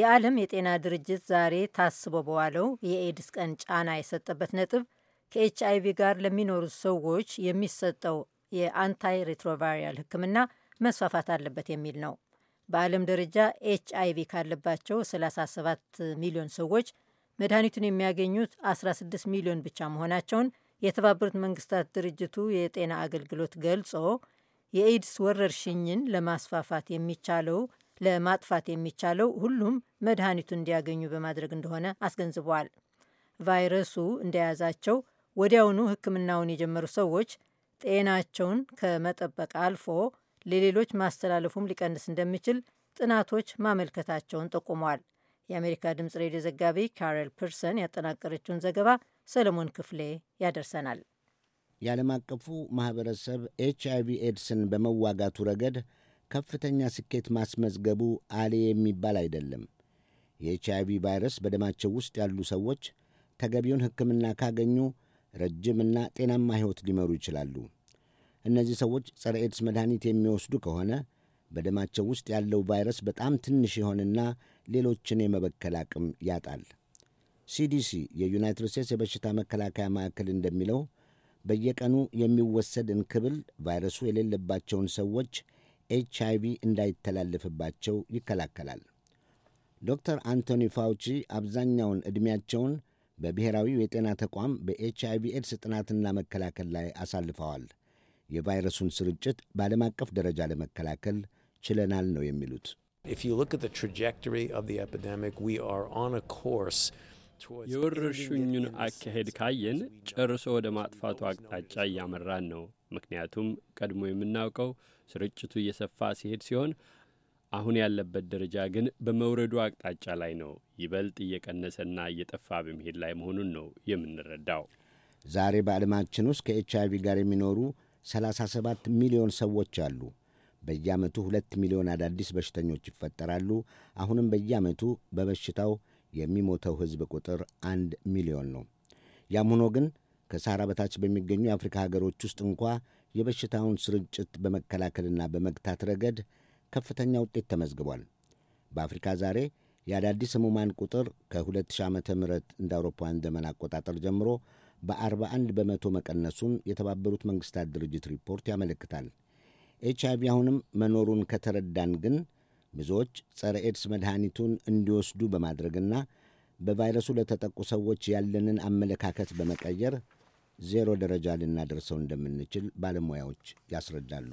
የዓለም የጤና ድርጅት ዛሬ ታስቦ በዋለው የኤድስ ቀን ጫና የሰጠበት ነጥብ ከኤች አይቪ ጋር ለሚኖሩ ሰዎች የሚሰጠው የአንታይ ሪትሮቫሪያል ሕክምና መስፋፋት አለበት የሚል ነው። በዓለም ደረጃ ኤች አይቪ ካለባቸው 37 ሚሊዮን ሰዎች መድኃኒቱን የሚያገኙት 16 ሚሊዮን ብቻ መሆናቸውን የተባበሩት መንግስታት ድርጅቱ የጤና አገልግሎት ገልጾ የኤድስ ወረርሽኝን ለማስፋፋት የሚቻለው ለማጥፋት የሚቻለው ሁሉም መድኃኒቱን እንዲያገኙ በማድረግ እንደሆነ አስገንዝበዋል። ቫይረሱ እንደያዛቸው ወዲያውኑ ሕክምናውን የጀመሩ ሰዎች ጤናቸውን ከመጠበቅ አልፎ ለሌሎች ማስተላለፉም ሊቀንስ እንደሚችል ጥናቶች ማመልከታቸውን ጠቁመዋል። የአሜሪካ ድምፅ ሬዲዮ ዘጋቢ ካረል ፐርሰን ያጠናቀረችውን ዘገባ ሰለሞን ክፍሌ ያደርሰናል። የዓለም አቀፉ ማኅበረሰብ ኤች ቪ ኤድስን በመዋጋቱ ረገድ ከፍተኛ ስኬት ማስመዝገቡ አሌ የሚባል አይደለም። የኤች አይቪ ቫይረስ በደማቸው ውስጥ ያሉ ሰዎች ተገቢውን ሕክምና ካገኙ ረጅምና ጤናማ ሕይወት ሊመሩ ይችላሉ። እነዚህ ሰዎች ጸረ ኤድስ መድኃኒት የሚወስዱ ከሆነ በደማቸው ውስጥ ያለው ቫይረስ በጣም ትንሽ ይሆንና ሌሎችን የመበከል አቅም ያጣል። ሲዲሲ የዩናይትድ ስቴትስ የበሽታ መከላከያ ማዕከል እንደሚለው በየቀኑ የሚወሰድ እንክብል ቫይረሱ የሌለባቸውን ሰዎች ኤች አይቪ እንዳይተላለፍባቸው ይከላከላል። ዶክተር አንቶኒ ፋውቺ አብዛኛውን ዕድሜያቸውን በብሔራዊው የጤና ተቋም በኤች አይቪ ኤድስ ጥናትና መከላከል ላይ አሳልፈዋል። የቫይረሱን ስርጭት በዓለም አቀፍ ደረጃ ለመከላከል ችለናል ነው የሚሉት። የወረርሽኙን አካሄድ ካየን ጨርሶ ወደ ማጥፋቱ አቅጣጫ እያመራን ነው። ምክንያቱም ቀድሞ የምናውቀው ስርጭቱ እየሰፋ ሲሄድ ሲሆን አሁን ያለበት ደረጃ ግን በመውረዱ አቅጣጫ ላይ ነው። ይበልጥ እየቀነሰና እየጠፋ በመሄድ ላይ መሆኑን ነው የምንረዳው። ዛሬ በዓለማችን ውስጥ ከኤች አይቪ ጋር የሚኖሩ 37 ሚሊዮን ሰዎች አሉ። በየዓመቱ ሁለት ሚሊዮን አዳዲስ በሽተኞች ይፈጠራሉ። አሁንም በየዓመቱ በበሽታው የሚሞተው ሕዝብ ቁጥር አንድ ሚሊዮን ነው። ያም ሆኖ ግን ከሳህራ በታች በሚገኙ የአፍሪካ ሀገሮች ውስጥ እንኳ የበሽታውን ስርጭት በመከላከልና በመግታት ረገድ ከፍተኛ ውጤት ተመዝግቧል። በአፍሪካ ዛሬ የአዳዲስ ህሙማን ቁጥር ከ2000 ዓ ም እንደ አውሮፓውያን ዘመን አቆጣጠር ጀምሮ በ41 በመቶ መቀነሱን የተባበሩት መንግሥታት ድርጅት ሪፖርት ያመለክታል። ኤች አይቪ አሁንም መኖሩን ከተረዳን ግን ብዙዎች ጸረ ኤድስ መድኃኒቱን እንዲወስዱ በማድረግና በቫይረሱ ለተጠቁ ሰዎች ያለንን አመለካከት በመቀየር ዜሮ ደረጃ ልናደርሰው እንደምንችል ባለሙያዎች ያስረዳሉ።